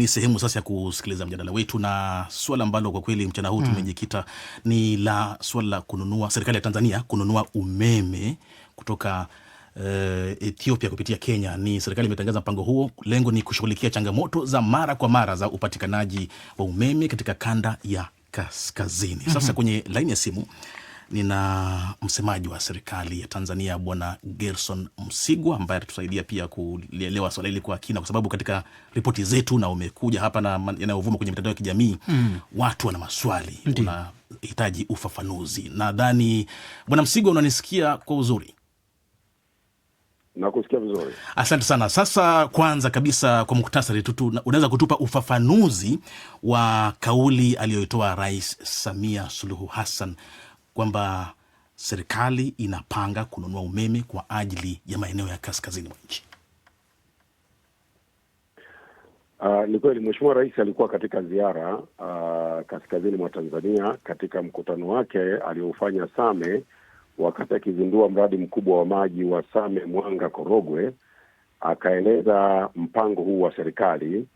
Ni sehemu sasa ya kusikiliza mjadala wetu na suala ambalo kwa kweli mchana huu mm. tumejikita ni la suala la kununua, serikali ya Tanzania kununua umeme kutoka uh, Ethiopia kupitia Kenya. Ni serikali imetangaza mpango huo, lengo ni kushughulikia changamoto za mara kwa mara za upatikanaji wa umeme katika kanda ya kaskazini. Mhm. Sasa kwenye laini ya simu nina msemaji wa serikali ya Tanzania Bwana Gerson Msigwa ambaye atatusaidia pia kulielewa swala hili kwa kina, kwa sababu katika ripoti zetu na umekuja hapa na yanayovuma kwenye mitandao ya kijamii mm. watu wana maswali, unahitaji ufafanuzi. Nadhani Bwana Msigwa, unanisikia kwa uzuri? Nakusikia vizuri, asante sana. Sasa kwanza kabisa, kwa muktasari tu, unaweza kutupa ufafanuzi wa kauli aliyoitoa Rais Samia Suluhu Hassan kwamba serikali inapanga kununua umeme kwa ajili ya maeneo ya kaskazini mwa nchi? Uh, ni kweli Mheshimiwa Rais alikuwa katika ziara uh, kaskazini mwa Tanzania katika mkutano wake aliofanya Same wakati akizindua mradi mkubwa wa maji wa Same Mwanga Korogwe, akaeleza mpango huu wa serikali,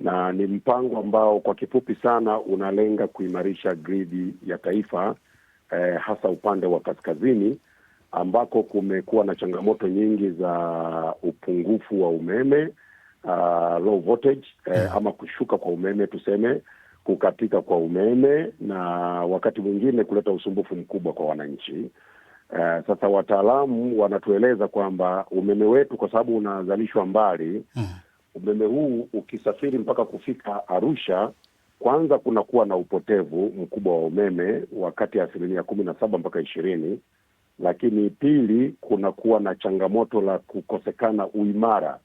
na ni mpango ambao kwa kifupi sana unalenga kuimarisha gridi ya taifa eh, hasa upande wa kaskazini ambako kumekuwa na changamoto nyingi za upungufu wa umeme uh, low voltage eh, ama kushuka kwa umeme tuseme, kukatika kwa umeme na wakati mwingine kuleta usumbufu mkubwa kwa wananchi. Uh, sasa wataalamu wanatueleza kwamba umeme wetu kwa sababu unazalishwa mbali, mm. umeme huu ukisafiri mpaka kufika Arusha kwanza kunakuwa na upotevu mkubwa wa umeme wa kati ya asilimia kumi na saba mpaka ishirini. Lakini pili, kunakuwa na changamoto la kukosekana uimara,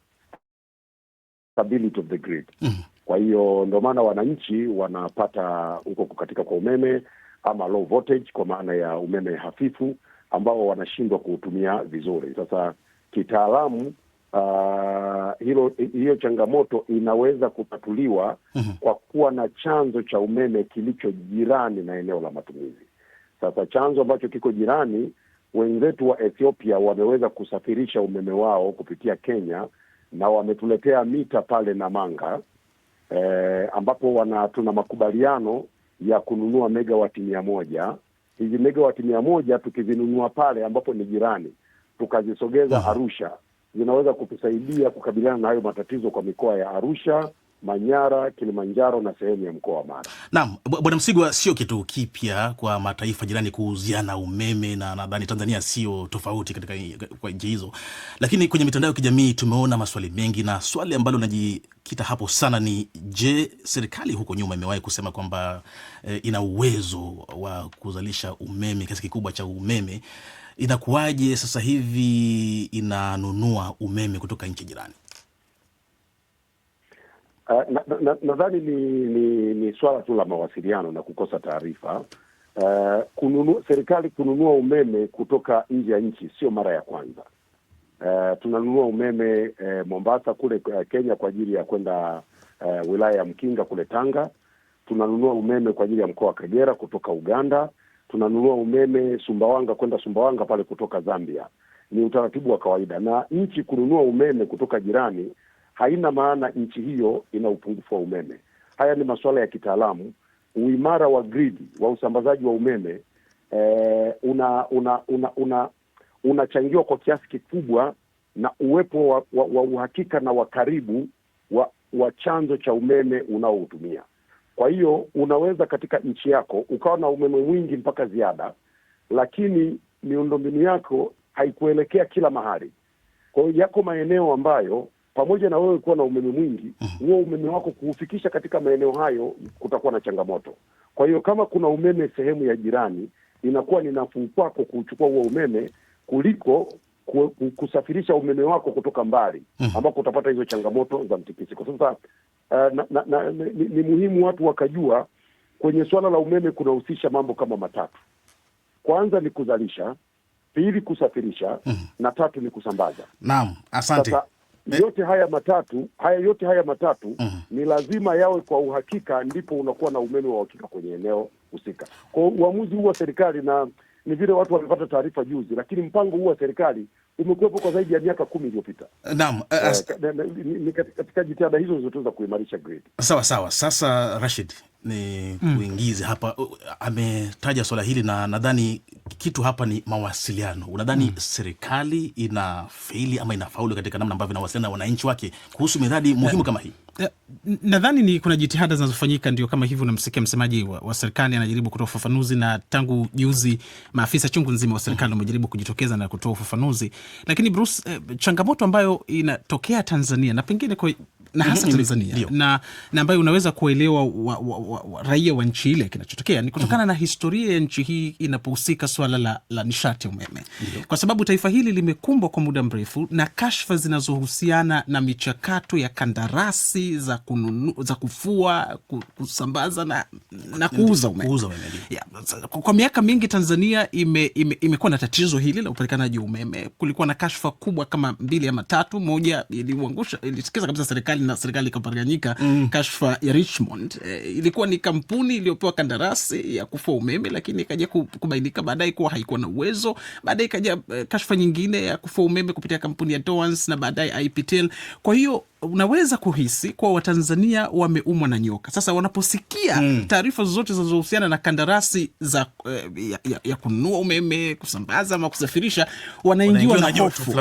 stability of the grid. Mm. Kwa hiyo ndio maana wananchi wanapata huko kukatika kwa umeme ama low voltage, kwa maana ya umeme hafifu ambao wanashindwa kuutumia vizuri. Sasa kitaalamu Uh, hilo hiyo changamoto inaweza kutatuliwa mhm. kwa kuwa na chanzo cha umeme kilicho jirani na eneo la matumizi. Sasa chanzo ambacho kiko jirani, wenzetu wa Ethiopia wameweza kusafirisha umeme wao kupitia Kenya na wametuletea mita pale manga eh, ambapo wana tuna makubaliano ya kununua megawati mia moja. Hizi megawati mia moja tukizinunua pale ambapo ni jirani, tukazisogeza Arusha zinaweza kutusaidia kukabiliana na hayo matatizo kwa mikoa ya Arusha, Manyara, Kilimanjaro na sehemu ya mkoa wa Mara. Naam, Bwana Msigwa, sio kitu kipya kwa mataifa jirani kuuziana umeme na nadhani Tanzania sio tofauti katika kwa nchi hizo, lakini kwenye mitandao ya kijamii tumeona maswali mengi, na swali ambalo linajikita hapo sana ni je, serikali huko nyuma imewahi kusema kwamba eh, ina uwezo wa kuzalisha umeme kiasi kikubwa cha umeme inakuwaje sasa hivi inanunua umeme kutoka nchi jirani? Uh, ah, nadhani na, na, na ni, ni ni swala tu la mawasiliano na kukosa taarifa. Uh, ah, kununua, serikali kununua umeme kutoka nje ya nchi sio mara ya kwanza. Uh, tunanunua umeme uh, Mombasa kule uh, Kenya kwa ajili ya kwenda uh, wilaya ya Mkinga kule Tanga. Tunanunua umeme kwa ajili ya mkoa wa Kagera kutoka Uganda tunanunua umeme Sumbawanga kwenda Sumbawanga pale kutoka Zambia. Ni utaratibu wa kawaida, na nchi kununua umeme kutoka jirani haina maana nchi hiyo ina upungufu wa umeme. Haya ni masuala ya kitaalamu. Uimara wa gridi wa usambazaji wa umeme eh, una una una unachangiwa una kwa kiasi kikubwa na uwepo wa, wa, wa uhakika na wa karibu wa, wa chanzo cha umeme unaohutumia kwa hiyo unaweza katika nchi yako ukawa na umeme mwingi mpaka ziada, lakini miundombinu yako haikuelekea kila mahali. Kwa hiyo yako maeneo ambayo pamoja na wewe kuwa na umeme mwingi, mm-hmm. huo umeme wako kuufikisha katika maeneo hayo kutakuwa na changamoto. Kwa hiyo kama kuna umeme sehemu ya jirani, inakuwa ni nafuu kwako kuuchukua huo umeme kuliko kusafirisha umeme wako kutoka mbali mhm. ambako utapata hizo changamoto za mtikisiko. Sasa uh, na, na, na, ni, ni muhimu watu wakajua kwenye suala la umeme kunahusisha mambo kama matatu. Kwanza ni kuzalisha, pili kusafirisha, mm. na tatu ni kusambaza. Naam, asante. Sasa, eh. yote haya matatu haya yote haya matatu mm. ni lazima yawe kwa uhakika, ndipo unakuwa na umeme wa uhakika kwenye eneo husika. Kwa uamuzi huu wa serikali na ni vile watu wamepata taarifa juzi, lakini mpango huu wa serikali umekuwepo kwa zaidi ya miaka kumi iliyopita. Naam, eh, eh, ni katika jitihada hizo zilizotuza kuimarisha grade. Sawa sawa. Sasa Rashid, ni mm. kuingize hapa, ametaja swala hili na nadhani kitu hapa ni mawasiliano. Unadhani mm. serikali ina feili ama inafaulu katika namna ambavyo inawasiliana na wananchi wake kuhusu miradi muhimu eh. kama hii? Eh, nadhani ni kuna jitihada zinazofanyika ndio kama hivyo. Unamsikia msemaji wa, wa serikali anajaribu kutoa ufafanuzi, na tangu juzi maafisa chungu nzima wa serikali wamejaribu kujitokeza na kutoa ufafanuzi. Lakini Bruce, eh, changamoto ambayo inatokea Tanzania na pengine kwa na hasa mm-hmm. Tanzania na, na ambayo unaweza kuelewa wa, wa, wa, wa, raia wa nchi ile kinachotokea ni kutokana mm -hmm. na historia ya nchi hii inapohusika swala la, la nishati umeme Dio. Kwa sababu taifa hili limekumbwa kwa muda mrefu na kashfa zinazohusiana na michakato ya kandarasi kazi za kununu, za kufua, kusambaza na, na kuuza umeme, kuuza umeme. Yeah. Kwa miaka mingi Tanzania ime, ime, imekuwa na tatizo hili la upatikanaji wa umeme. Kulikuwa na kashfa kubwa kama mbili ama tatu, moja iliuangusha ilisikiza kabisa serikali na serikali ikaparaganyika. Mm. Kashfa ya Richmond e, ilikuwa ni kampuni iliyopewa kandarasi ya kufua umeme, lakini ikaja kubainika baadaye kuwa haikuwa na uwezo. Baadaye ikaja eh, kashfa nyingine ya kufua umeme kupitia kampuni ya Towans na baadaye IPTL. Kwa hiyo unaweza kuhisi kuwa Watanzania wameumwa na nyoka. Sasa wanaposikia mm. taarifa zozote zinazohusiana na kandarasi za eh, ya, ya, ya kununua umeme, kusambaza ama kusafirisha, wanaingiwa na hofu.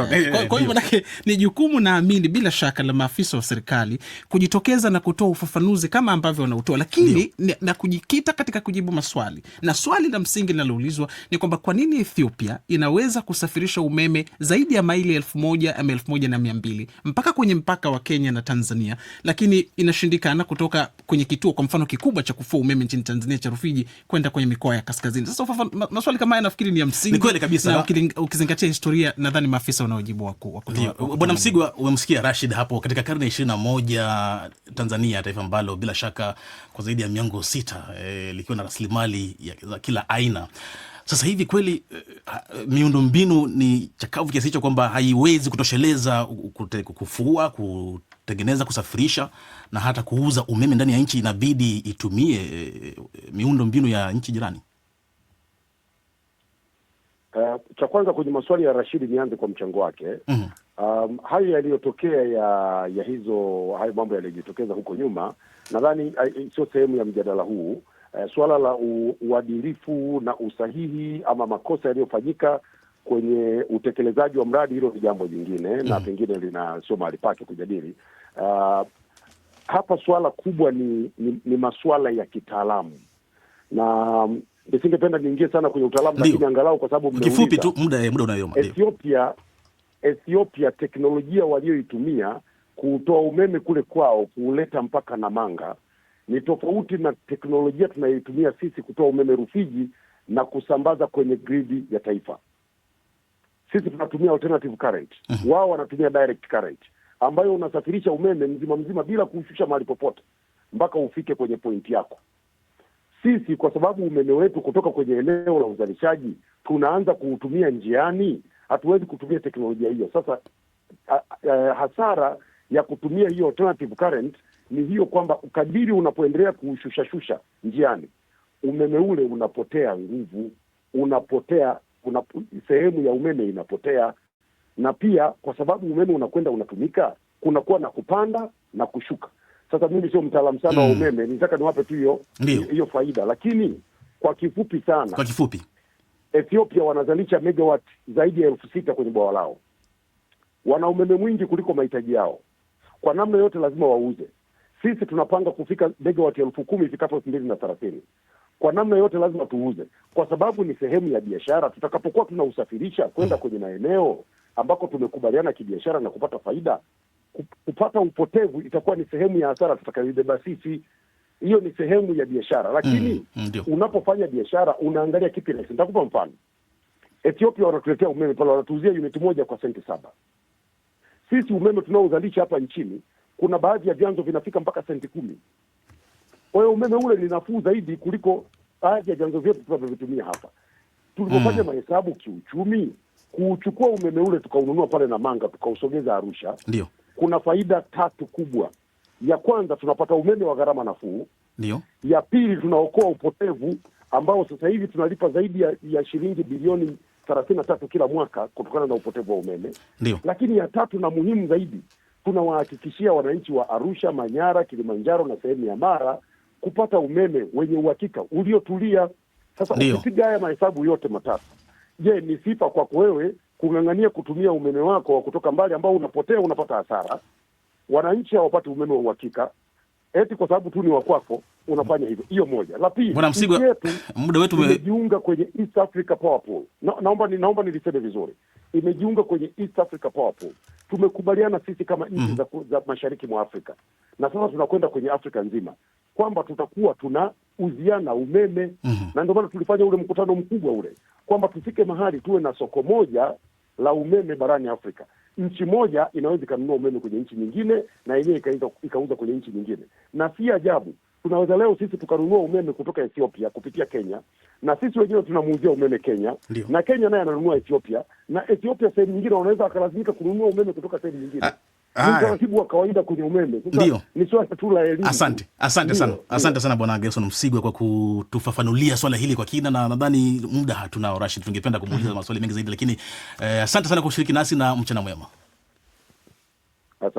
Kwa hiyo manake ni jukumu, naamini bila shaka, la maafisa wa serikali kujitokeza na kutoa ufafanuzi kama ambavyo wanautoa, lakini na, na kujikita katika kujibu maswali, na swali la msingi linaloulizwa ni kwamba kwa nini Ethiopia inaweza kusafirisha umeme zaidi ya maili elfu moja ama elfu moja na mia mbili mpaka kwenye mpaka wa Kenya na Tanzania, lakini inashindikana kutoka kwenye kituo kwa mfano kikubwa cha kufua umeme nchini Tanzania cha Rufiji kwenda kwenye mikoa ya kaskazini. Sasa maswali kama haya nafikiri ni ya msingiukizingatia na historia, nadhani maafisa wanaojibu wakuu. Bwana Msigwa, umemsikia Rashid hapo. Katika karne ya ishirini na moja Tanzania, taifa ambalo bila shaka kwa zaidi ya miongo sita eh, likiwa na rasilimali za kila aina sasa hivi kweli uh, eh, mbinu ni chakavu kiasi hicho kwamba haiwezi kutosheleza kufua, kutengeneza, kusafirisha na hata kuuza umeme ndani ya nchi, inabidi itumie uh, eh, mbinu ya nchi jirani. Uh, cha kwanza kwenye maswali ya Rashidi nianze kwa mchango wake. mm -hmm. Um, hayo yaliyotokea ya ya hizo hayo mambo yaliyojitokeza huko nyuma nadhani sio sehemu ya mjadala huu eh, suala la uadilifu na usahihi ama makosa yaliyofanyika kwenye utekelezaji wa mradi, hilo ni jambo jingine mm. na mm-hmm. pengine lina sio mahali pake kujadili. Uh, hapa suala kubwa ni, ni, ni masuala ya kitaalamu na mm, nisingependa niingie sana kwenye utaalamu, lakini angalau kwa sababu kifupi tu muda eh, muda unayoma Ethiopia, Ethiopia teknolojia walioitumia kutoa umeme kule kwao kuuleta mpaka Namanga ni tofauti na teknolojia tunayoitumia sisi kutoa umeme Rufiji na kusambaza kwenye gridi ya taifa. Sisi tunatumia alternative current, mhm. wao wanatumia direct current ambayo unasafirisha umeme mzima mzima bila kuushusha mahali popote mpaka ufike kwenye pointi yako. Sisi kwa sababu umeme wetu kutoka kwenye eneo la uzalishaji tunaanza kuutumia njiani, hatuwezi kutumia teknolojia hiyo. Sasa a, a, hasara ya kutumia hiyo alternative current ni hiyo kwamba ukadiri unapoendelea kuushushashusha njiani, umeme ule unapotea nguvu, unapotea una, sehemu ya umeme inapotea, na pia kwa sababu umeme unakwenda unatumika, kunakuwa na kupanda na kushuka. Sasa mimi sio mtaalamu sana wa mm, umeme, nitaka niwape tu hiyo hiyo faida, lakini kwa kifupi sana, kwa kifupi, Ethiopia wanazalisha megawat zaidi ya elfu sita kwenye bwawa lao. Wana umeme mwingi kuliko mahitaji yao, kwa namna yote lazima wauze. Sisi tunapanga kufika watu elfu kumi ifikapo elfu mbili na thelathini. Kwa namna yote lazima tuuze, kwa sababu ni sehemu ya biashara. Tutakapokuwa tunausafirisha kwenda kwenye maeneo ambako tumekubaliana kibiashara na kupata faida, kupata upotevu itakuwa ni sehemu ya hasara tutakayoibeba sisi. Hiyo ni sehemu ya biashara, lakini mm, mm, unapofanya biashara unaangalia kipi rahisi. Nitakupa mfano, Ethiopia wanatuletea umeme pale, wanatuuzia unit moja kwa senti saba. Sisi umeme tunaozalisha hapa nchini kuna baadhi ya vyanzo vinafika mpaka senti kumi. Kwa hiyo umeme ule ni nafuu zaidi kuliko baadhi ya vyanzo vyetu tunavyovitumia hapa. Tulipofanya mm. mahesabu kiuchumi, kuuchukua umeme ule tukaununua pale Namanga tukausogeza Arusha, ndio kuna faida tatu kubwa. Ya kwanza tunapata umeme wa gharama nafuu, ndio. Ya pili tunaokoa upotevu ambao sasa hivi tunalipa zaidi ya, ya shilingi bilioni thelathini na tatu kila mwaka kutokana na upotevu wa umeme, ndio. Lakini ya tatu na muhimu zaidi tunawahakikishia wananchi wa Arusha, Manyara, Kilimanjaro na sehemu ya Mara kupata umeme wenye uhakika uliotulia. Sasa ukipiga haya mahesabu yote matatu, je, ni sifa kwako wewe kung'ang'ania kutumia umeme wako wa kutoka mbali ambao unapotea, unapata hasara? Wananchi hawapati umeme wa uhakika eti kwa sababu tu ni wakwako unafanya hivyo. Hiyo moja. La pili, bwana Msigwa, muda wetu umejiunga kwenye East Africa Power Pool. Na, naomba ni, naomba niliseme vizuri, imejiunga kwenye East Africa Power Pool. Tumekubaliana sisi kama nchi mm, za, za mashariki mwa Afrika na sasa tunakwenda kwenye Afrika nzima kwamba tutakuwa tuna uziana umeme mm -hmm. Na ndio maana tulifanya ule mkutano mkubwa ule kwamba tufike mahali tuwe na soko moja la umeme barani Afrika. Nchi moja inaweza ikanunua umeme kwenye nchi nyingine na yenyewe ikauza kwenye nchi nyingine, na si ajabu tunaweza leo sisi tukanunua umeme kutoka Ethiopia kupitia Kenya, na sisi wenyewe tunamuuzia umeme Kenya Lio. na Kenya naye ananunua Ethiopia, na Ethiopia sehemu nyingine wanaweza wakalazimika kununua umeme kutoka sehemu nyingine. Ah, utaratibu wa kawaida kwenye umeme ndio ni swala tu la elimu. Asante, asante sana, asante sana Bwana Gerson Msigwe kwa kutufafanulia swala hili kwa kina, na nadhani muda hatunao, Rashid, tungependa kumuuliza mm-hmm. maswali mengi zaidi, lakini eh, asante sana kwa kushiriki nasi na mchana mwema.